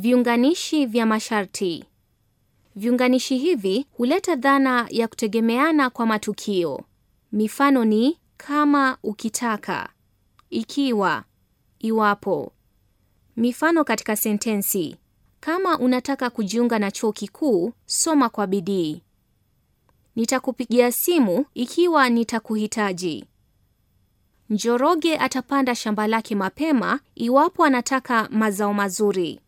Viunganishi vya masharti. Viunganishi hivi huleta dhana ya kutegemeana kwa matukio. Mifano ni kama, ukitaka, ikiwa, iwapo. Mifano katika sentensi: kama unataka kujiunga na chuo kikuu, soma kwa bidii. Nitakupigia simu ikiwa nitakuhitaji. Njoroge atapanda shamba lake mapema iwapo anataka mazao mazuri.